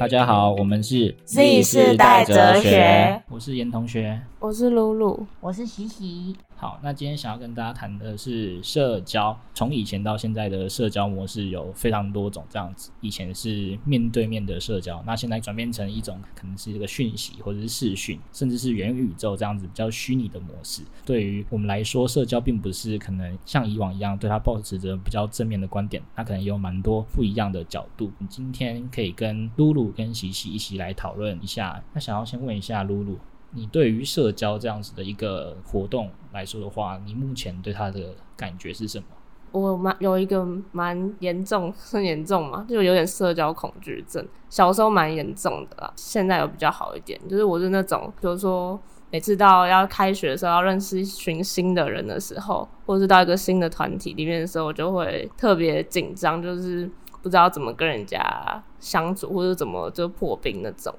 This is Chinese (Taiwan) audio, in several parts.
大家好，我們是 Z 世代哲學。我是嚴同學，我是露露，我是西西。好，那今天想要跟大家談的是社交，從以前到現在的社交模式有非常多種這樣子。以前是面對面的社交，那現在轉變成一種可能是一個訊息或者是視訊，甚至是元宇宙這樣子比較虛擬的模式。對於我們來說，社交並不是可能像以往一樣對它抱持着比較正面的觀點，它可能有蠻多不一樣的角度。你今天可以跟露露跟喜喜一起來討論一下。那想要先問一下露露。你對於社交這樣子的一個活動來說的話，你目前對他的感覺是什麼？我蠻有一個蠻嚴重，很嚴重嘛，就有點社交恐懼症。小時候蠻嚴重的啦，現在有比較好一點。就是我是那種，就是說每次到要開學的時候，要認識一群新的人的時候，或者是到一個新的團體裡面的時候，我就會特別緊張，就是不知道怎麼跟人家相處，或者怎麼就破冰那種。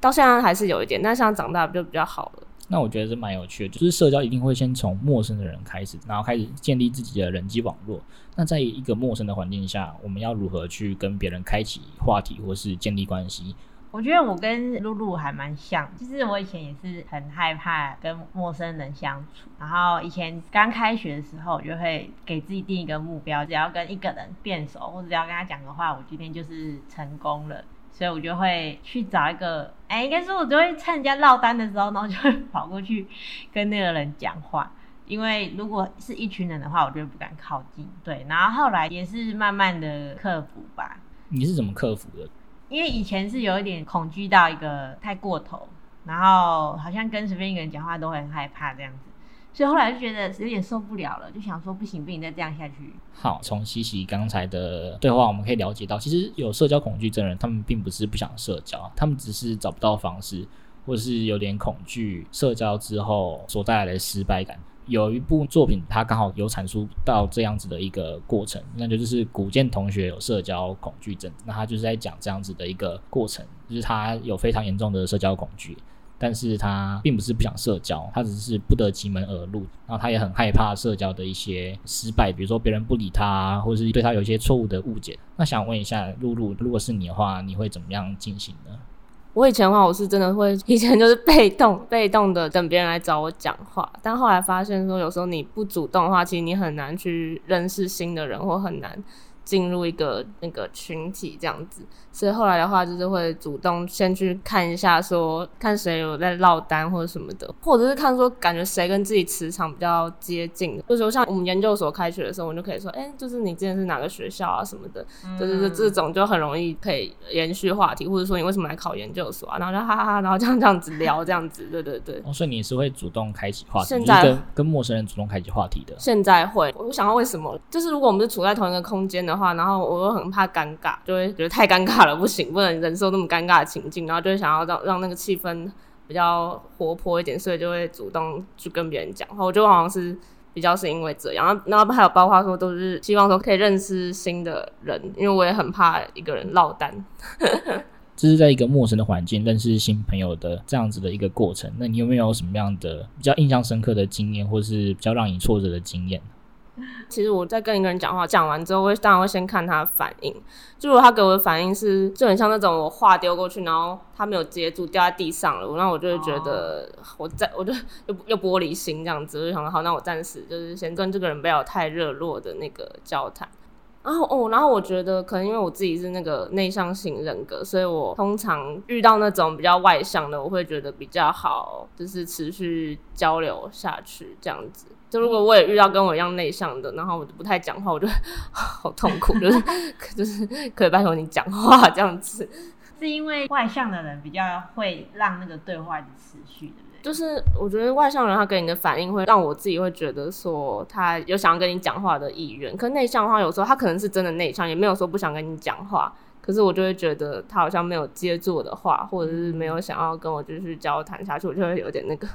到現在還是有一點，但現在長大就比較好了。那我覺得是蠻有趣的，就是社交一定會先從陌生的人開始，然後開始建立自己的人際網絡。那在一個陌生的環境下，我們要如何去跟別人開啟話題，或是建立關係？我覺得我跟露露還蠻像，其實我以前也是很害怕跟陌生人相處，然後以前剛開學的時候，我就會給自己定一個目標，只要跟一個人變熟，或者只要要跟他講個話，我今天就是成功了。所以我就會去找一個，哎、欸，應該是我就會趁人家落單的時候，然後就會跑過去跟那個人講話。因為如果是一群人的話，我就不敢靠近。對，然後後來也是慢慢的克服吧。你是怎麼克服的？因為以前是有一點恐懼到一個太過頭，然後好像跟隨便一個人講話都會很害怕這樣子。所以後來就覺得有點受不了了，就想說不行不行，再這樣下去。好，從西西剛才的對話，我們可以了解到，其實有社交恐懼症的人，他們並不是不想社交，他們只是找不到方式，或者是有點恐懼社交之後所帶來的失敗感。有一部作品，它剛好有闡述到這樣子的一個過程，那就是是古見同學有社交恐懼症，那他就是在講這樣子的一個過程，就是他有非常嚴重的社交恐懼，但是他並不是不想社交，他只是不得其門而入，然後他也很害怕社交的一些失敗，比如說別人不理他，或是對他有一些錯誤的誤解。那想問一下露露，如果是你的話，你會怎麼樣進行呢？我以前的話，我是真的會，以前就是被動、被動的等別人來找我講話，但後來發現說，有時候你不主動的話，其實你很難去認識新的人，或很難進入一個那個群體這樣子。所以後來的話，就是會主動先去看一下說，說看誰有在落單或者什麼的，或者是看說感覺誰跟自己磁場比較接近。就是說，像我們研究所開學的時候，我們就可以說，哎、欸，就是你之前是哪個學校啊什麼的，嗯、就是這種就很容易可以延續話題，或者說你為什麼來考研究所啊，然後就哈哈哈，然後這樣這樣子聊，這樣子，對對對。哦，所以你是會主動開啟話題，現在就是跟跟陌生人主動開啟話題的。現在會，我想到為什麼，就是如果我們是處在同一個空間的話，然後我又很怕尷尬，就會覺得太尷尬了。不行，不能忍受那麼尷尬的情境，然後就想要讓讓那個氣氛比較活潑一點，所以就會主動去跟別人講話。然後我覺得我好像是比較是因為這樣，然後還有包括說都是希望說可以認識新的人，因為我也很怕一個人落單。 這是在一個陌生的環境認識新朋友的這樣子的一個過程。那你有沒有什麼樣的比較印象深刻的經驗，或是比較讓你挫折的經驗？其實我在跟一個人講話，講完之後，我當然會先看他反應。就如果他給我的反應是，就很像那種我話丟過去，然後他沒有接住，掉在地上了，那我就會覺得，我在我就又又玻璃心這樣子，我就想說，好，那我暫時就是先跟這個人不要有太熱絡的那個交談。然後哦，哦，然後我覺得可能因為我自己是那個內向型人格，所以我通常遇到那種比較外向的，我會覺得比較好，就是持續交流下去這樣子。就如果我也遇到跟我一樣內向的，然後我就不太講話，我就、哦、好痛苦，就是可 就是可以拜托你講話這樣子。是因為外向的人比較會讓那個對話持續的。就是我覺得外向人他給你的反應會讓我自己會覺得說他有想要跟你講話的意願，可內向的話有時候他可能是真的內向，也沒有說不想跟你講話，可是我就會覺得他好像沒有接住我的話，或者是沒有想要跟我繼續交談下去，我就會有點那個，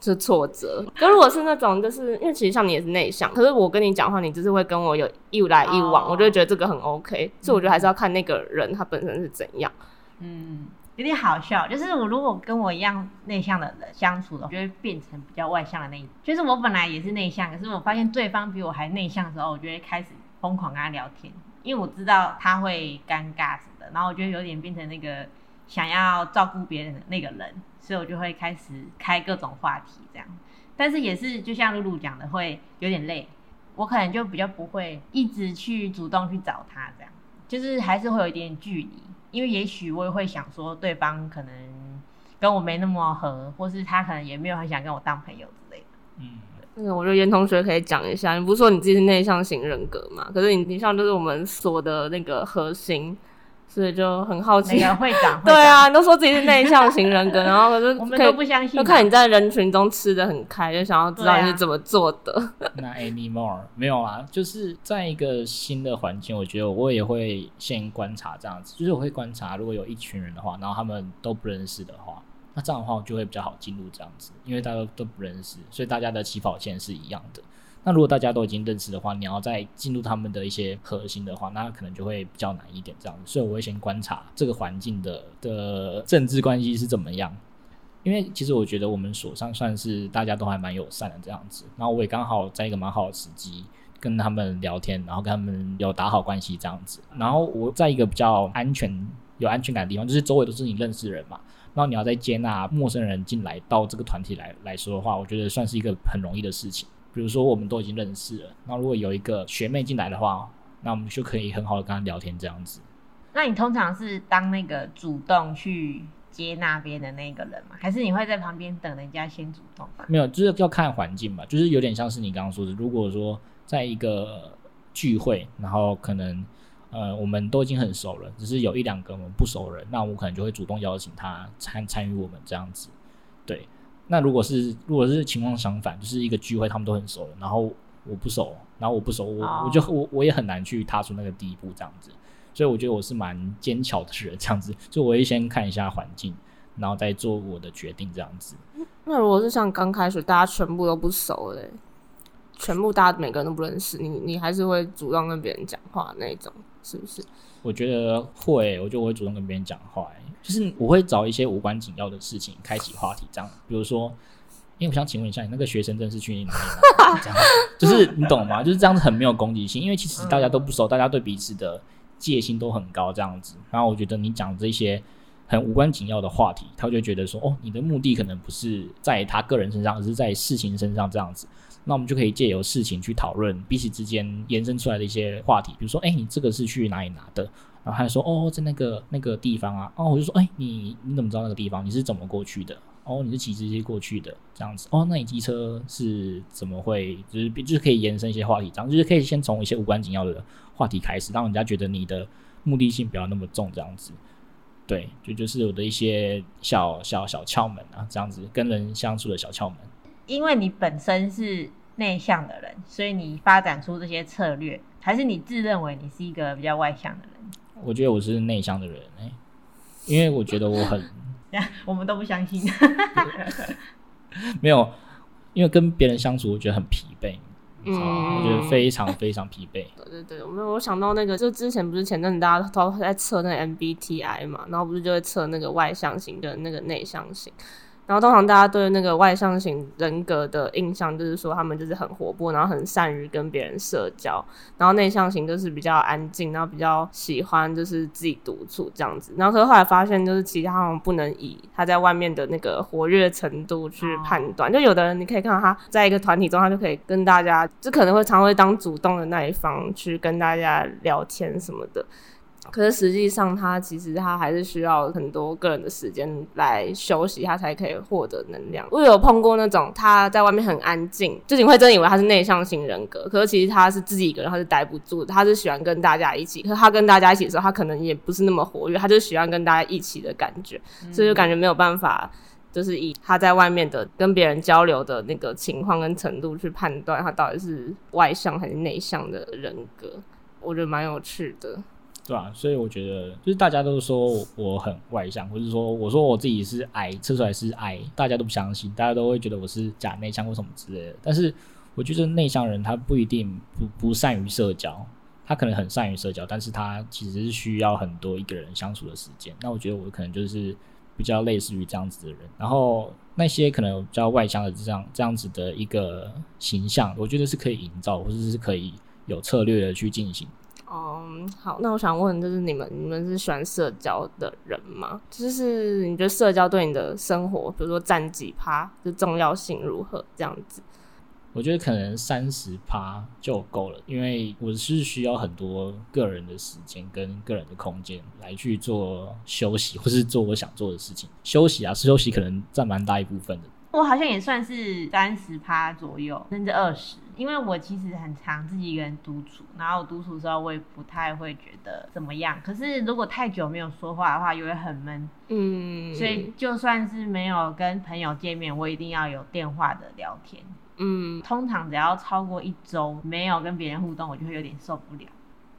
是挫折。可是如果是那種就是因為其實像你也是內向，可是我跟你講話，你就是會跟我有一來一往，哦、我就會覺得這個很 OK，所以、嗯、我覺得還是要看那個人他本身是怎樣，嗯。有點好笑，就是我如果跟我一樣內向的人相處的我就會變成比較外向的那一種。就是我本來也是內向，可是我發現對方比我還內向的時候，我就會開始瘋狂跟他聊天，因為我知道他會尷尬什麼的，然後我覺得有點變成那個想要照顧別人的那個人，所以我就會開始開各種話題這樣。但是也是就像露露講的，會有點累，我可能就比較不會一直去主動去找他這樣，就是還是會有一點點距離。因為也許我也會想說，對方可能跟我沒那麼合，或是他可能也沒有很想跟我當朋友之類的。嗯，那個對、嗯、我覺得嚴同學可以講一下，你不是說你自己是內向型人格嘛？可是你，平常就是我們所的那個核心。所以就很好奇，會長 對啊，長都說自己是內向型人格， 然後可是我們都不相信，都看你在人群中吃的很開，就想要知道你是怎麼做的。那、啊、 anymore 沒有啊，就是在一個新的環境，我覺得我也會先觀察這樣子，就是我會觀察，如果有一群人的話，然後他們都不認識的話，那這樣的話我就會比較好進入這樣子，因為大家都不認識，所以大家的起跑線是一樣的。那如果大家都已經認識的話，你要再進入他們的一些核心的話，那可能就會比較難一點這樣子。所以我會先觀察這個環境的的政治關係是怎麼樣，因為其實我覺得我們所上算是大家都還蠻友善的這樣子。然後我也剛好在一個蠻好的時機跟他們聊天，然後跟他們有打好關係這樣子。然後我在一個比較安全、有安全感的地方，就是周圍都是你認識的人嘛。然後你要再接納陌生人進來到這個團體來來說的話，我覺得算是一個很容易的事情。比如說，我們都已經認識了，那如果有一個學妹進來的話，那我們就可以很好的跟她聊天這樣子。那你通常是當那個主動去接那邊的那個人嗎？還是你會在旁邊等人家先主動？沒有，就是要看環境吧，就是有點像是你剛剛說的，如果說在一個聚會，然後可能呃我們都已經很熟了，只是有一兩個我們不熟人，那我們可能就會主動邀請他參參與我們這樣子，對。那如果是如果是情況相反，就是一個聚會，他們都很熟，然後我不熟，然後我不熟，我、oh. 我就我我也很難去踏出那個第一步這樣子，所以我覺得我是蠻堅強的學這樣子，所以我會先看一下環境，然後再做我的決定這樣子。那如果是像剛開始大家全部都不熟嘞、欸。全部大家每個人都不認識，你你還是會主動跟別人講話那一種，是不是？我覺得會，我就會主動跟別人講話、欸，就是我會找一些無關緊要的事情開啟話題，這樣，比如說，因、欸、為我想請問一下，你那個學生證是去你哪裡拿？ 這樣，就是你懂嗎？ 就是這樣子很沒有攻擊性，因為其實大家都不熟，嗯、大家對彼此的戒心都很高，這樣子。然後我覺得你講這些很無關緊要的話題，他就覺得說，哦，你的目的可能不是在他個人身上，而是在事情身上這樣子。那我們就可以借由事情去討論彼此之間延伸出來的一些話題，比如說，哎、欸，你這個是去哪裡拿的？然後他說，哦，在那個那個地方啊，哦，我就說，哎、欸，你你怎麼知道那個地方？你是怎麼過去的？哦，你是騎車過去的這樣子。哦，那你機車是怎麼會就是就是可以延伸一些話題，這樣子就是可以先從一些無關緊要的話題開始，讓人家覺得你的目的性不要那麼重，這樣子。對，就就是我的一些小小小竅門啊，這樣子跟人相處的小竅門，因為你本身是。內向的人，所以你發展出這些策略，還是你自認為你是一個比較外向的人？我覺得我是內向的人、欸、因為我覺得我很， 我們都不相信， 沒有，因為跟別人相處我覺得很疲憊，嗯，我覺得非常非常疲憊。 對對對我，我想到那個，就之前不是前陣大家都在測那個 MBTI 嘛，然後不是就會測那個外向型跟那個內向型。然後通常大家對那個外向型人格的印象就是說，他們就是很活潑，然後很善於跟別人社交。然後內向型就是比較安靜，然後比較喜歡就是自己獨處這樣子。然後可是後來發現，就是其實他們不能以他在外面的那個活躍程度去判斷。嗯、就有的人你可以看到他在一個團體中，他就可以跟大家，就可能會常會當主動的那一方去跟大家聊天什麼的。可是實際上，他其實他還是需要很多個人的時間來休息，他才可以獲得能量。我有碰過那種他在外面很安靜，就你會真以為他是內向型人格。可是其實他是自己一個人，他是待不住的，他是喜歡跟大家一起。可是他跟大家一起的時候，他可能也不是那麼活躍，他就喜歡跟大家一起的感覺。所以就感覺沒有辦法，就是以他在外面的跟別人交流的那個情況跟程度去判斷他到底是外向還是內向的人格。我覺得蠻有趣的。對啊，所以我覺得，就是大家都說我很外向，或者說我說我自己是矮，測出來是矮，大家都不相信，大家都會覺得我是假內向或什麼之類的。但是我覺得內向人他不一定不不善於社交，他可能很善於社交，但是他其實是需要很多一個人相處的時間。那我覺得我可能就是比較類似於這樣子的人。然後那些可能有比較外向的這樣這樣子的一個形象，我覺得是可以營造，或者是可以有策略的去進行。嗯，um, 好，那我想問，就是你們，你們是喜歡社交的人嗎？就是你覺得社交對你的生活，比如說占幾趴的重要性如何？這樣子。我覺得可能三十趴就夠了，因為我是需要很多個人的時間跟個人的空間來去做休息，或是做我想做的事情。休息啊，休息可能占蠻大一部分的。我好像也算是三十趴左右，甚至二十，因為我其實很常自己一個人獨處，然後我獨處的時候我也不太會覺得怎麼樣。可是如果太久沒有說話的話，又會很悶。嗯，所以就算是沒有跟朋友見面，我一定要有電話的聊天。嗯，通常只要超過一周沒有跟別人互動，我就會有點受不了。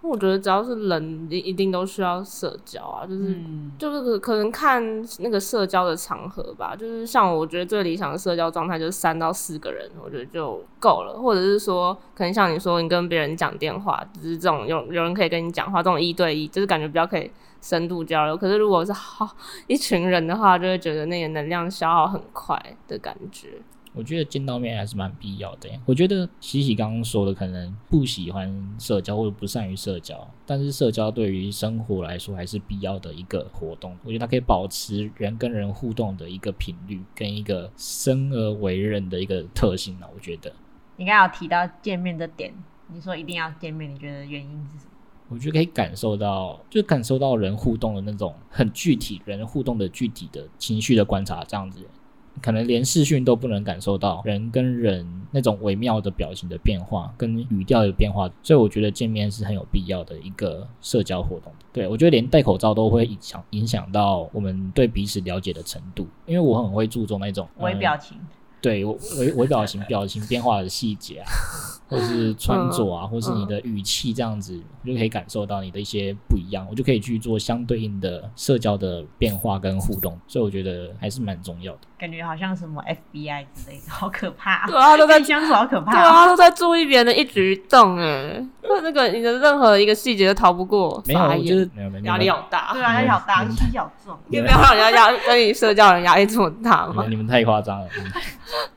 我覺得只要是人，一一定都需要社交啊，就是、嗯、就是可可能看那個社交的場合吧，就是像我覺得最理想的社交狀態就是三到四個人，我覺得就夠了，或者是說可能像你說，你跟別人講電話，就是這種有有人可以跟你講話，這種一對一，就是感覺比較可以深度交流。可是如果是好、哦、一群人的話，就會覺得那個能量消耗很快的感覺。我覺得見到面還是蠻必要的。我覺得喜喜剛剛說的，可能不喜歡社交或者不善於社交，但是社交對於生活來說還是必要的一個活動。我覺得它可以保持人跟人互動的一個頻率，跟一個生而為人的一個特性呢、啊，我覺得。你剛剛有提到見面的點，你說一定要見面，你覺得原因是什麼？我覺得可以感受到，就感受到人互動的那種很具體，人互動的具體的情緒的觀察，這樣子。可能連視訊都不能感受到人跟人那種微妙的表情的變化跟語調的變化，所以我覺得見面是很有必要的一個社交活動。對，我覺得連戴口罩都會影響影響到我們對彼此了解的程度，因為我很會注重那種微表情。嗯對，微微表，表情、表情變化的細節啊，或是穿着啊，或是你的語氣這樣子，我、 嗯嗯、就可以感受到你的一些不一樣，我就可以去做相對應的社交的變化跟互動。所以我覺得還是蠻重要的。感覺好像什麼 FBI 之類的，好可怕、啊。對啊，都在相處，這子好可怕、啊。對啊，都在注意別人的一舉一動、欸，哎， 那個你的任何一個細節都逃不過。沒有，就沒有，沒有壓力好大。對啊，壓們力好大，壓們力好重，也、啊、沒有讓人家壓力跟你社交人壓力這麼大嗎？ 你們太誇張了。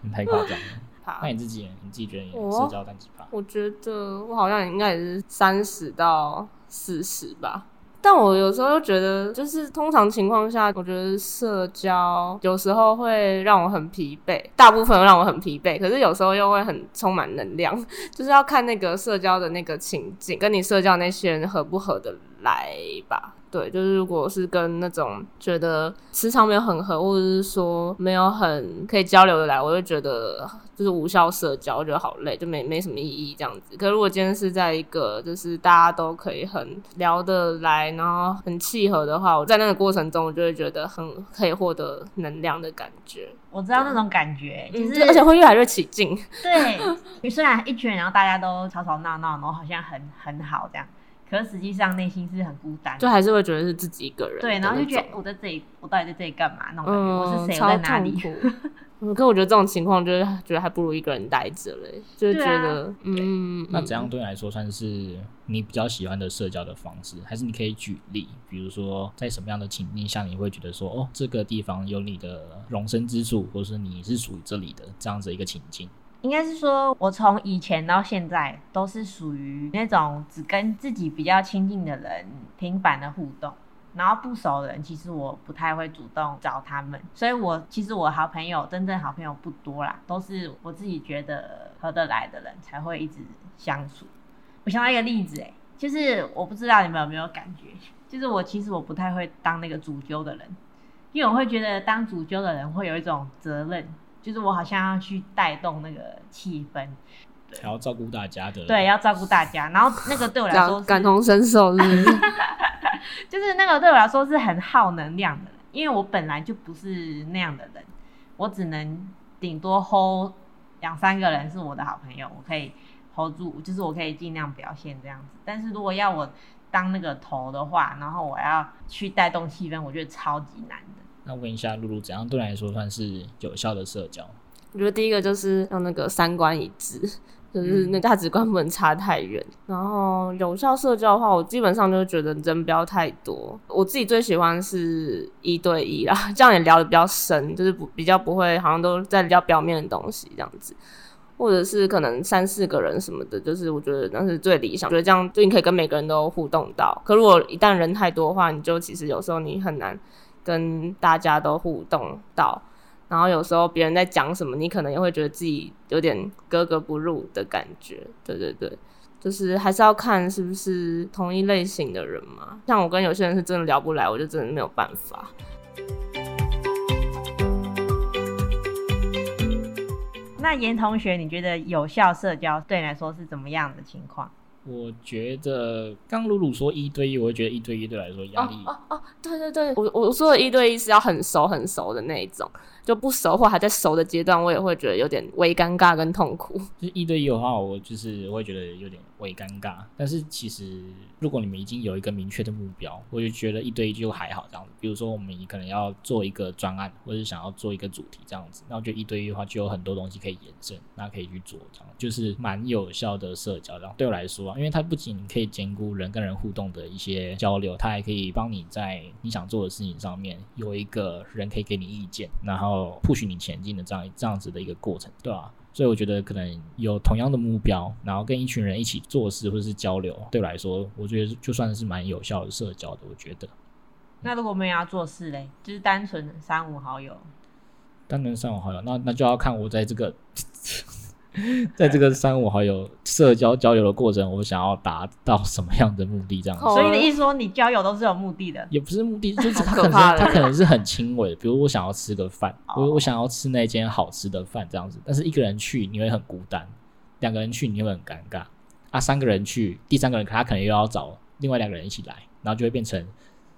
你太誇張了。怕那你自己呢？你自己覺得社交單級趴、哦？我覺得我好像應該也是三十到四十吧。但我有時候又覺得，就是通常情況下，我覺得社交有時候會讓我很疲憊，大部分讓我很疲憊。可是有時候又會很充滿能量，就是要看那個社交的那個情景，跟你社交那些人合不合得來吧。對，就是如果是跟那種覺得磁場沒有很合，或者是說沒有很可以交流的來，我就覺得就是無效社交，我覺得好累，就沒沒什麼意義這樣子。可是如果今天是在一個就是大家都可以很聊得來，然後很契合的話，我在那個過程中，我就會覺得很可以獲得能量的感覺。我知道那種感覺，對其實 就是而且會越來越起勁。對， 你雖然一群人，然後大家都吵吵鬧鬧，然後好像很很好這樣。可是實際上內心是很孤單，就還是會覺得是自己一個人。對，然後就覺得我在這裡，我到底在這裡幹嘛？那種感覺，我是誰？嗯、我在哪裡？ 嗯，可我覺得這種情況就是覺得還不如一個人待着嘞，就覺得、啊、嗯。對那怎樣對你來說算是你比較喜歡的社交的方式？還是你可以舉例，比如說在什麼樣的情境下你會覺得說，哦，這個地方有你的容身之處，或是你是屬於這裡的這樣子一個情境？應該是說，我從以前到現在都是屬於那種只跟自己比較親近的人頻繁的互動，然後不熟的人其實我不太會主動找他們。所以我其實我好朋友真正好朋友不多啦，都是我自己覺得合得來的人才會一直相處。我想到一個例子，欸，就是我不知道你們有沒有感覺，就是我其實我不太會當那個主揪的人，因為我會覺得當主揪的人會有一種責任。就是我好像要去帶動那個氣氛，才要照顧大家的，對，要照顧大家。然後那個對我來說 感同身受， 就是那個對我來說是很耗能量的人，因為我本來就不是那樣的人，我只能頂多 hold 兩三個人是我的好朋友，我可以 hold 住，就是我可以盡量表現這樣子。但是如果要我當那個頭的話，然後我要去帶動氣氛，我覺得超級難的。那問一下露露，怎樣對你來說算是有效的社交？我覺得第一個就是讓那個三觀一致，就是那價值觀不能差太遠。嗯、然後有效社交的話，我基本上就覺得人不要太多。我自己最喜歡是一對一啦，這樣也聊得比較深，就是不比較不會好像都在聊表面的東西這樣子。或者是可能三四個人什麼的，就是我覺得那是最理想。我覺得這樣就你可以跟每個人都互動到。可如果一旦人太多的話，你就其實有時候你很難。跟大家都互動到，然後有時候別人在講什麼，你可能也會覺得自己有點格格不入的感覺。對對對，就是還是要看是不是同一類型的人嘛。像我跟有些人是真的聊不來，我就真的沒有辦法。那嚴同學，你覺得有效社交對你來說是怎麼樣的情況？我覺得剛魯魯說一對一，我會覺得一對一對來說壓力。哦哦，對對對，我我說的一對一是要很熟很熟的那一種，就不熟或還在熟的階段，我也會覺得有點微尷尬跟痛苦。就是一對一的話，我就是會覺得有點。會尷尬，但是其實如果你們已經有一個明確的目標，我就覺得一對一就還好這樣子。比如說，我們可能要做一個專案，或者想要做一個主題這樣子，那我覺得一對一的話，就有很多東西可以延伸，那可以去做，這樣就是蠻有效的社交這樣。然後對我來說、啊，因為它不僅可以兼顧人跟人互動的一些交流，它還可以幫你在你想做的事情上面有一個人可以給你意見，然後 push 你前進的這樣這樣子的一個過程，對吧、啊？所以我覺得可能有同樣的目標，然後跟一群人一起做事或者是交流，對我來說，我覺得就算是蠻有效的社交的，我覺得。那如果沒有要做事嘞，就是單純三五好友，單純三五好友，那那就要看我在這個。 在這個三五好友社交交流的過程，我想要達到什麼樣的目的？這樣子。所以你意思說你交友都是有目的的？也不是目的，就是他可能他可能是很輕微的，比如我想要吃個飯，我、oh. 我想要吃那間好吃的飯這樣子。但是一個人去你會很孤單，兩個人去你會很尷尬，啊，三個人去，第三個人可他可能又要找另外兩個人一起來，然後就會變成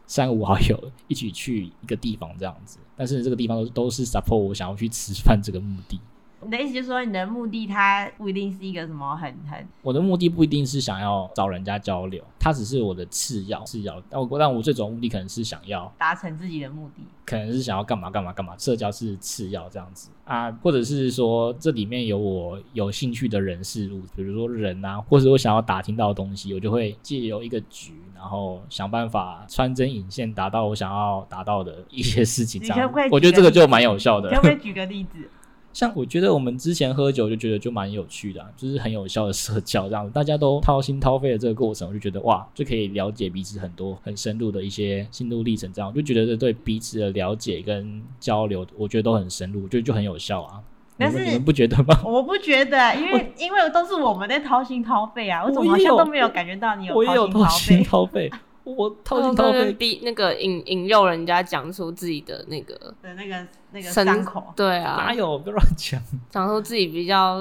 三五好友一起去一個地方這樣子。但是這個地方都是都是 support 我想要去吃飯這個目的。你的意思就是說，你的目的它不一定是一個什麼很很……我的目的不一定是想要找人家交流，它只是我的次要次要。但我但我最主要的目的可能是想要達成自己的目的，可能是想要幹嘛幹嘛幹嘛。社交是次要這樣子啊，或者是說這裡面有我有興趣的人事物，比如說人啊，或者我想要打聽到的東西，我就會借由一個局，然後想辦法穿針引線，達到我想要達到的一些事情。這樣子我覺得這個就蠻有效的。你可不可以舉個例子？像我覺得我們之前喝酒就覺得就蠻有趣的啊，就是很有效的社交，這樣大家都掏心掏肺的這個過程，我就覺得哇，就可以了解彼此很多很深入的一些心路歷程，這樣我就覺得對彼此的了解跟交流，我覺得都很深入，就就很有效啊。但是你們不覺得嗎？我不覺得，因為因為都是我們在掏心掏肺啊，我，我怎麼好像都沒有感覺到你有掏心掏肺。我偷偷的逼那個，引引誘人家講出自己的那個，對那個那個傷口。對啊，哪有，不要亂講。講出自己比較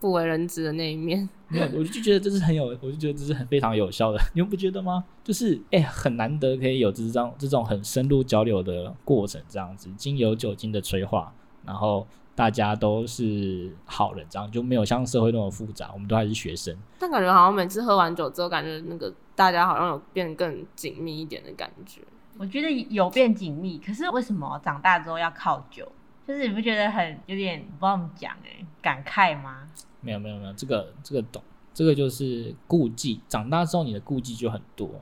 不為人知的那一面 沒有，我就覺得這是很有，我就覺得這是很非常有效的，你們不覺得嗎？就是哎、欸、很難得可以有這種這種很深入交流的過程這樣子，經由酒精的催化，然後。大家都是好人，這樣就沒有像社會那麼複雜。我們都還是學生，但感覺好像每次喝完酒之後，感覺那個大家好像有變得更緊密一點的感覺。我覺得有變緊密，可是為什麼長大之後要靠酒？就是你不覺得很有點我不知道怎麼講誒感慨嗎？沒有沒有沒有，這個這個懂，這個就是顧忌。長大之後你的顧忌就很多。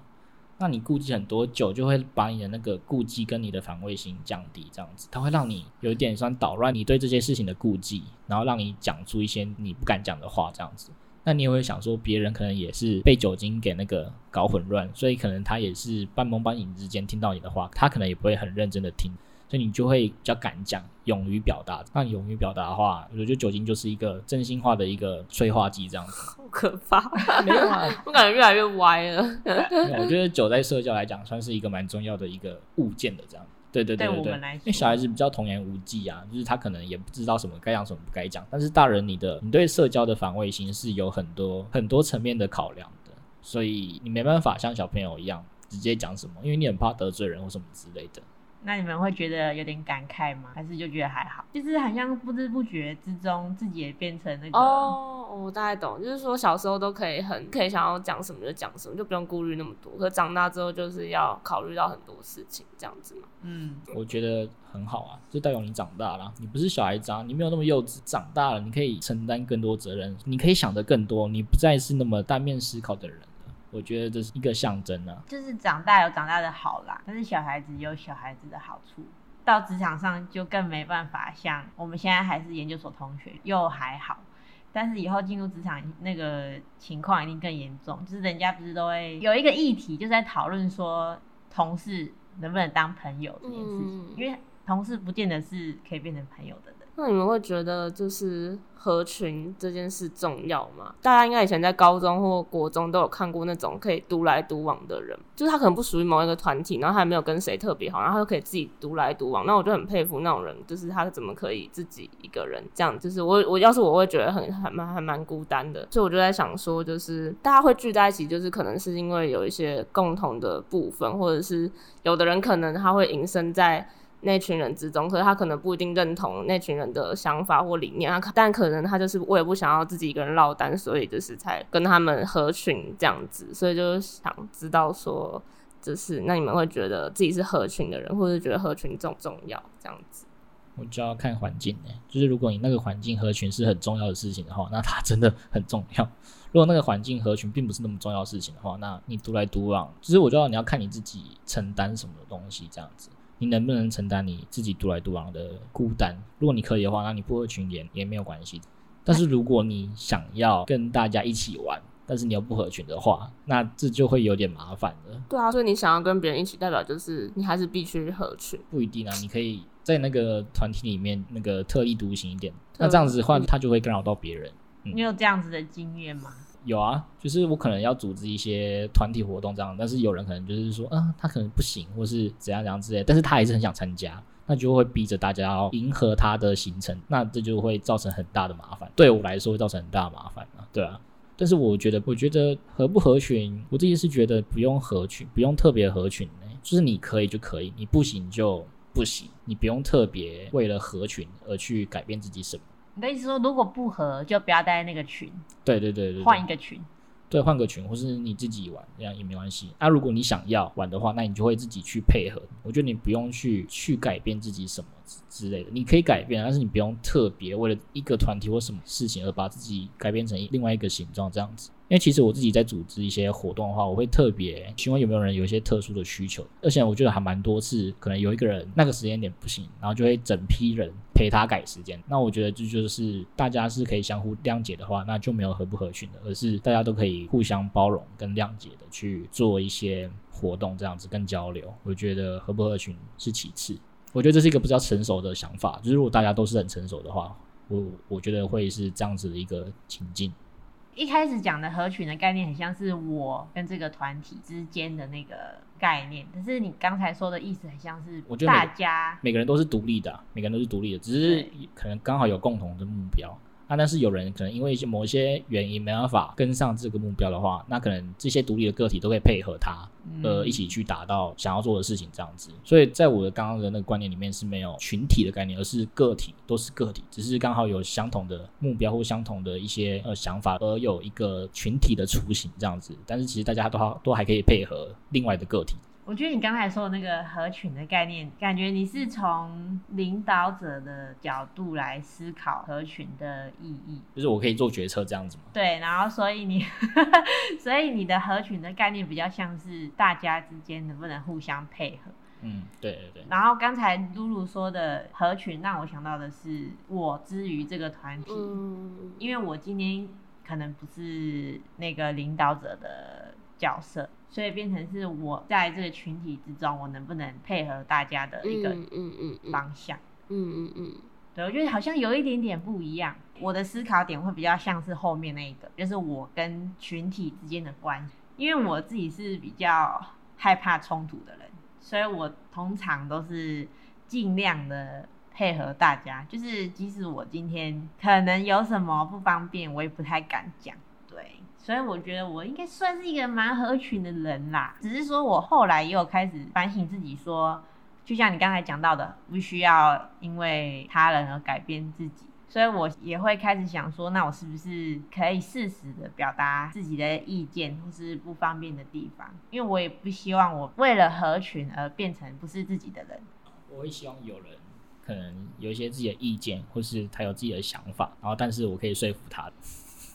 那你顧忌很多酒，就會把你的那個顧忌跟你的防衛心降低，這樣子，它會讓你有一點算搗亂，你對這些事情的顧忌，然後讓你講出一些你不敢講的話，這樣子，那你也會想說，別人可能也是被酒精給那個搞混亂，所以可能他也是半夢半醒之間聽到你的話，他可能也不會很認真的聽。那你就會比較敢講，勇於表達。那你勇於表達的話，我覺得酒精就是一個真心話的一個催化劑，這樣子。好可怕！沒有啊，我感覺越來越歪了。 我覺得酒在社交來講，算是一個蠻重要的一個物件的，這樣子。對對對對對。對我們來因為小孩子比較童言無忌啊，就是他可能也不知道什麼該講、什麼不該講。但是大人，你的你對社交的防衛心是有很多很多層面的考量的，所以你沒辦法像小朋友一樣直接講什麼，因為你很怕得罪人或什麼之類的。那你們會覺得有點感慨嗎？還是就覺得還好？就是好像不知不覺之中，自己也變成那個哦，oh, oh, 我大概懂，就是說小時候都可以很可以想要講什麼就講什麼，就不用顧慮那麼多。可長大之後，就是要考慮到很多事情，這樣子嘛。嗯，我覺得很好啊，就代表你長大了，你不是小孩子啊，你沒有那麼幼稚。長大了，你可以承擔更多責任，你可以想得更多，你不再是那麼單面思考的人。我覺得這是一個象徵呢、啊，就是長大有長大的好啦，但是小孩子有小孩子的好處，到職場上就更沒辦法，像我們現在還是研究所同學又還好，但是以後進入職場那個情況一定更嚴重，就是人家不是都會有一個議題，就是在討論說同事能不能當朋友這件事情，嗯、因為同事不見得是可以變成朋友的、的。那你們會覺得就是合群這件事重要嗎？大家應該以前在高中或國中都有看過那種可以獨來獨往的人，就是他可能不屬於某一個團體，然後他也沒有跟誰特別好，然後他就可以自己獨來獨往。那我就很佩服那種人，就是他怎麼可以自己一個人這樣。就是我，我，我要是我會覺得很還蠻，還蠻孤單的，所以我就在想說，就是大家會聚在一起，就是可能是因為有一些共同的部分，或者是有的人可能他會隱身在。那群人之中，可是他可能不一定認同那群人的想法或理念啊。他但可能他就是我也不想要自己一個人落單，所以就是才跟他們合群這樣子。所以就是想知道說，就是那你們會覺得自己是合群的人，或者覺得合群重重要這樣子？我就要看環境哎，就是如果你那個環境合群是很重要的事情的話，那它真的很重要。如果那個環境合群並不是那麼重要的事情的話，那你獨來獨往。其實、就是，我就要你要看你自己承擔什麼東西這樣子。你能不能承擔你自己獨來獨往的孤單？如果你可以的話，那你不合群點也，也沒有關係。但是如果你想要跟大家一起玩，但是你又不合群的話，那這就會有點麻煩了。對啊，所以你想要跟別人一起，代表就是你還是必須合群。不一定啊，你可以在那個團體裡面那個特立獨行一點。 那這樣子的話，他就會干擾到別人。你有這樣子的經驗嗎？有啊，就是我可能要組織一些團體活動這樣，但是有人可能就是說，啊，他可能不行，或是怎樣怎樣之類，但是他還是很想參加，那就會逼着大家要迎合他的行程，那這就會造成很大的麻煩，對我來說會造成很大的麻煩啊，對啊。但是我覺得，我覺得合不合群，我自己是覺得不用合群，不用特別合群呢、欸，就是你可以就可以，你不行就不行，你不用特別為了合群而去改變自己什麼。你的意思說，如果不合，就不要待在那個群。對，對對對對，換一個群，對，換個群，或是你自己玩，這樣也沒關係。那、啊、如果你想要玩的話，那你就會自己去配合。我覺得你不用去去改變自己什麼之類的，你可以改變，但是你不用特別為了一個團體或什麼事情而把自己改變成另外一個形狀，這樣子。因為其實我自己在組織一些活動的話，我會特別詢問有沒有人有一些特殊的需求，而且我覺得還蠻多次，可能有一個人那個時間點不行，然後就會整批人陪他改時間。那我覺得這就是大家是可以相互諒解的話，那就沒有合不合群的，而是大家都可以互相包容跟諒解的去做一些活動，這樣子更交流。我覺得合不合群是其次，我覺得這是一個比較成熟的想法。就是如果大家都是很成熟的話，我我覺得會是這樣子的一個情境。一開始講的合群的概念很像是我跟這個團體之間的那個概念，但是你剛才說的意思很像是，我覺得大家每個人都是獨立的，每個人都是獨立的，只是可能剛好有共同的目標。但是有人可能因為某一些原因沒辦法跟上這個目標的話，那可能這些獨立的個體都會配合他，呃，一起去達到想要做的事情這樣子。嗯、所以在我的剛剛的那個觀念裡面是沒有群體的概念，而是個體都是個體，只是剛好有相同的目標或相同的一些呃想法，而有一個群體的雛形這樣子。但是其實大家都好都還可以配合另外的個體。我覺得你剛才說的那個合群的概念，感覺你是從領導者的角度來思考合群的意義，就是我可以做決策這樣子嗎？對，然後所以你，呵呵，所以你的合群的概念比較像是大家之間能不能互相配合。嗯，對對對。然後剛才露露說的合群，讓我想到的是我之於這個團體，嗯，因為我今天可能不是那個領導者的。角色，所以變成是我在這個群體之中，我能不能配合大家的一個嗯嗯方向，嗯嗯嗯，對，我覺得好像有一點點不一樣。我的思考點會比較像是後面那一個，就是我跟群體之間的關係。因為我自己是比較害怕衝突的人，所以我通常都是盡量的配合大家，就是即使我今天可能有什麼不方便，我也不太敢講，對。所以我覺得我應該算是一個蠻合群的人啦，只是說我後來又開始反省自己說，說就像你剛才講到的，不需要因為他人而改變自己。所以我也會開始想說，那我是不是可以適時的表達自己的意見或是不方便的地方？因為我也不希望我為了合群而變成不是自己的人。我會希望有人可能有一些自己的意見，或是他有自己的想法，然後但是我可以說服他的。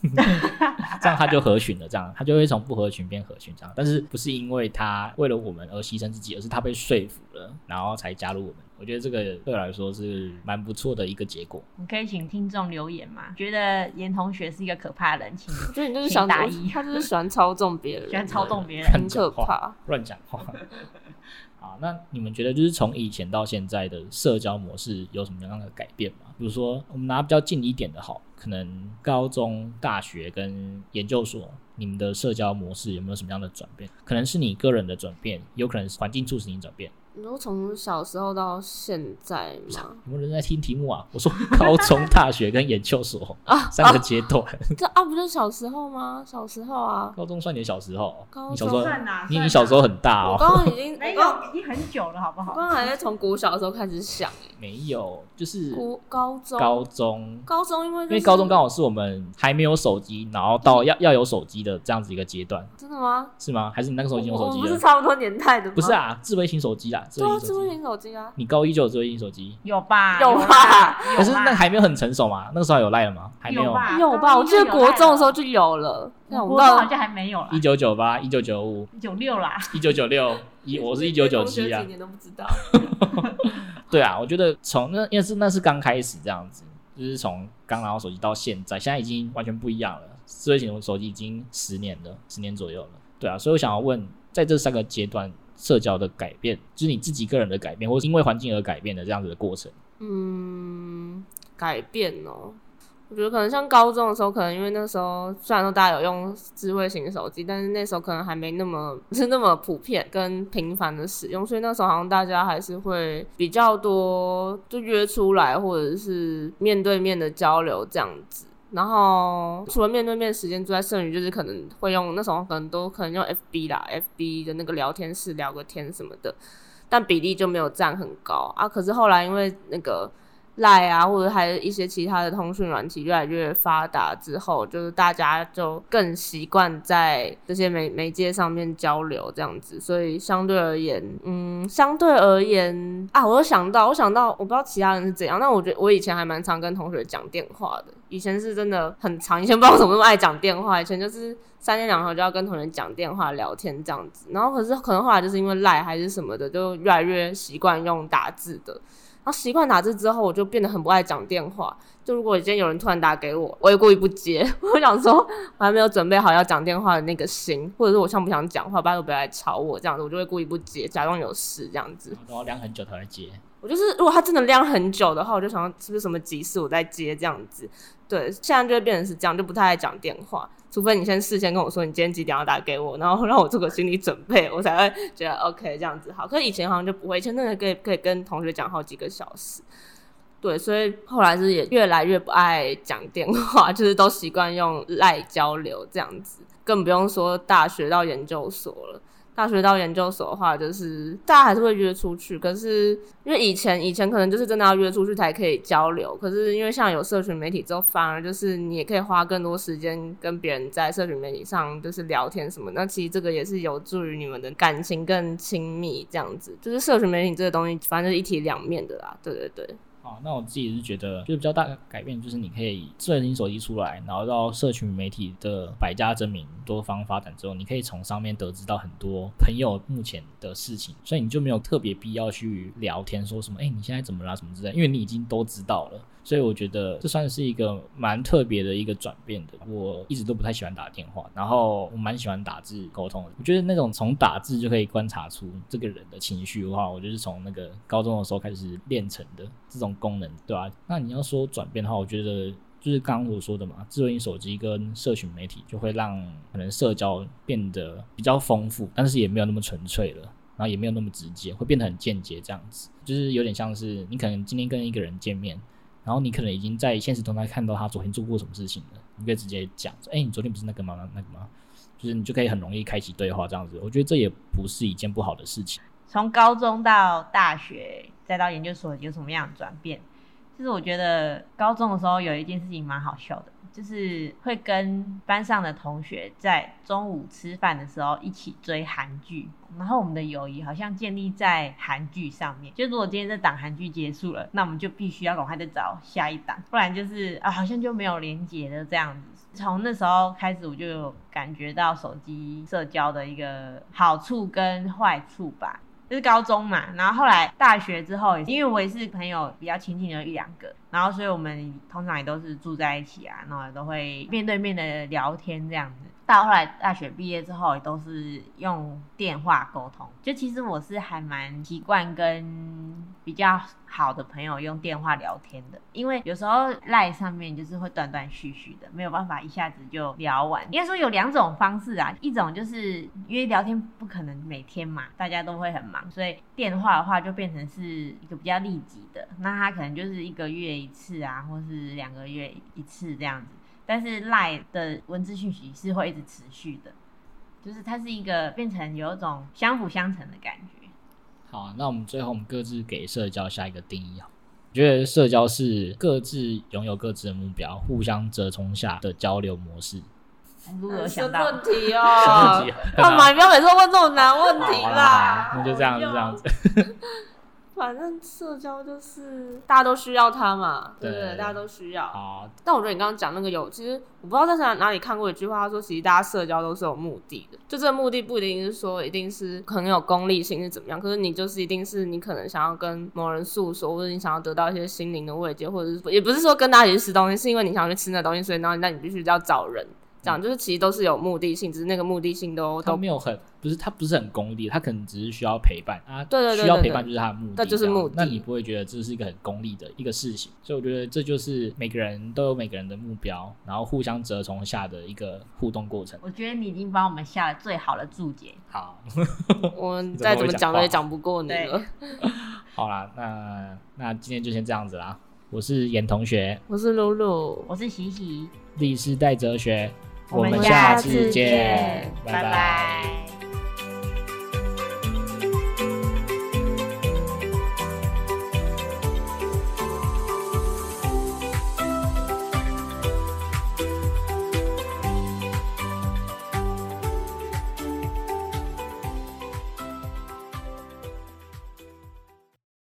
這樣他就合群了，這樣他就會從不合群變合群。這樣，但是不是因為他為了我們而犧牲自己，而是他被說服了，然後才加入我們。我覺得這個對我來說是蠻不錯的一個結果。你可以請聽眾留言嗎？ 覺得嚴同學是一個可怕的人，請 就，你就是想打一，他就是喜歡操縱別人， 喜歡操縱別人，很可怕，亂講話。 啊，那你們覺得就是從以前到現在的社交模式有什麼樣的改變嗎？比如說，我們拿比較近一點的，好，可能高中、大學跟研究所，你們的社交模式有沒有什麼樣的轉變？可能是你個人的轉變，有可能是環境促使你轉變。你說從小時候到現在嗎？有沒有人在聽題目啊？我說高中、大學跟研究所啊，三個階段。這啊，不就是小時候嗎？小時候啊，高中算你的小時候，你小時候，你你小時候很大。哦。剛剛已經，哎，已經很久了，好不好？剛剛還在從國小的時候開始想。沒有，就是高高中高中高中，因為因為高中剛好是我們還沒有手機，然後到要要有手機的這樣子一個階段。真的嗎？是嗎？還是你那個時候已經有手機？不是差不多年代的，不是啊，智慧型手機啊。對啊，智慧型手機啊，你高一就有智慧型手機？有吧？有啊。可是那還沒有很成熟嘛？那個時候有 Line 了嗎？還沒有吧？有吧，有吧？我記得國中的時候就有了，不過、啊、好像還沒有。一九九八、一九九五、九六啦，嗯啊、96，啦一九九六，一我是一九九七啊。我對啊，我覺得從那因為是那是剛開始這樣子，就是從剛拿到手機到現在，現在已經完全不一樣了。智慧型手機已經十年了，十年左右了。對啊，所以我想要問，在這三個階段，社交的改變，就是你自己個人的改變，或是因為環境而改變的這樣子的過程。嗯，改變哦，我覺得可能像高中的時候，可能因為那時候雖然說大家有用智慧型手機，但是那時候可能還沒那麼，不是那麼普遍跟頻繁的使用，所以那時候好像大家還是會比較多就約出來，或者是面對面的交流這樣子。然後除了面對面時間之外，剩餘就是可能會用那時候，可能都可能用 FB 啦，FB 的那個聊天室聊個天什麼的，但比例就沒有占很高啊。可是後來因為那個。賴啊，或者還有一些其他的通訊軟體越來越發達之後，就是大家就更習慣在這些媒媒介上面交流這樣子，所以相對而言，嗯，相對而言啊，我又想到，我想到，我不知道其他人是怎樣，但我覺得我以前還蠻常跟同學講電話的，以前是真的很常，以前不知道怎麼那麼愛講電話，以前就是三天兩頭就要跟同學講電話聊天這樣子，然後可是可能後來就是因為賴還是什麼的，就越來越習慣用打字的。習慣打字之後，我就變得很不愛講電話。就如果今天有人突然打給我，我也故意不接。 我想說，我還沒有準備好要講電話的那個心，或者是我像不想講話，不然就不要來吵我這樣子，我就會故意不接，假裝有事這樣子。我等晾很久才會接。我就是，如果他真的晾很久的話，我就想說是不是什麼急事我再接這樣子。對，現在就會變成是這樣，就不太愛講電話。除非你先事先跟我說你今天幾點要打給我，然後讓我做個心理準備，我才會覺得 OK 這樣子好。可是以前好像就不會，以前真的可以可以跟同學講好幾個小時。對，所以後來是也越來越不愛講電話，就是都習慣用賴交流這樣子，更不用說大學到研究所了。大學到研究所的話，就是大家還是會約出去。可是因為以前以前可能就是真的要約出去才可以交流。可是因為像有社群媒體之後，反而就是你也可以花更多時間跟別人在社群媒體上就是聊天什麼。那其實這個也是有助於你們的感情更親密，這樣子。就是社群媒體這個東西，反正就是一體兩面的啦。對對對。好，那我自己是覺得，就比較大的改變，就是你可以智能手機出來，然後到社群媒體的百家爭鳴、多方發展之後，你可以從上面得知到很多朋友目前的事情，所以你就沒有特別必要去聊天說什麼，哎、欸，你現在怎麼啦，什麼之類，因為你已經都知道了。所以我覺得這算是一個蠻特別的一個轉變的。我一直都不太喜歡打電話，然後我蠻喜歡打字溝通的。我覺得那種從打字就可以觀察出這個人的情緒的話，我就是從那個高中的時候開始練成的這種功能，對吧？那你要說轉變的話，我覺得就是剛剛所說的嘛，智慧型手機跟社群媒體就會讓可能社交變得比較豐富，但是也沒有那麼純粹了，然後也沒有那麼直接，會變得很間接這樣子，就是有點像是你可能今天跟一個人見面。然後你可能已經在現實中看到他昨天做過什麼事情了，你可以直接講說：“哎、欸，你昨天不是那個嗎？那個嗎？”就是你就可以很容易開啟對話這樣子。我覺得這也不是一件不好的事情。從高中到大學再到研究所有什麼樣的轉變？其實我覺得高中的時候有一件事情蠻好笑的，就是會跟班上的同學在中午吃飯的時候一起追韓劇，然後我們的友誼好像建立在韓劇上面。就如果今天這檔韓劇結束了，那我們就必須要趕快再找下一檔，不然就是啊，好像就沒有連結的這樣子。從那時候開始，我就有感覺到手機社交的一個好處跟壞處吧。就是高中嘛，然後後來大學之後，因為我也是朋友比較親近的一兩個，然後所以我們通常也都是住在一起啊，然後也都會面對面的聊天這樣子。到後來大學畢業之後，都是用電話溝通。就其實我是還蠻習慣跟比較好的朋友用電話聊天的，因為有時候賴上面就是會斷斷續續的，沒有辦法一下子就聊完。應該說有兩種方式啊，一種就是因為聊天不可能每天嘛，大家都會很忙，所以電話的話就變成是一個比較立即的，那他可能就是一個月一次啊，或是兩個月一次這樣子。但是賴的文字訊息是會一直持續的，就是它是一個變成有一種相輔相成的感覺。好、啊，那我們最後我們各自給社交下一個定義。我覺得社交是各自擁有各自的目標，互相折衝下的交流模式。什麼問題哦、啊？問題幹、啊、嘛？你不要每次問這種難問題啦。那就這樣子，就這樣子。 反正社交就是大家都需要它嘛，對，對，大家都需要。好但我覺得你剛剛講那個有，其實我不知道在哪裡看過一句話，說其實大家社交都是有目的的。就這個目的不一定，是說一定是可能有功利性是怎麼樣。可是你就是一定是你可能想要跟某人訴說，或者你想要得到一些心靈的慰藉，或者是也不是說跟大家一起去吃東西，是因為你想要去吃那東西，所以那那你必須要找人。講就是其實都是有目的性，只是那個目的性都都沒有很，不是他不是很功利，他可能只是需要陪伴啊，對對，對，對對，需要陪伴就是他的目的，那就是目的，那你不會覺得這是一個很功利的一個事情？所以我覺得這就是每個人都有每個人的目標，然後互相折衷下的一個互動過程。我覺得你已經幫我們下了最好的注解。好，我再 怎麼講也 講不過你。好啦，那那今天就先這樣子啦。我是嚴同學，我是露露，我是喜喜，歷史代哲學。我們下次見，次見，拜拜。拜拜。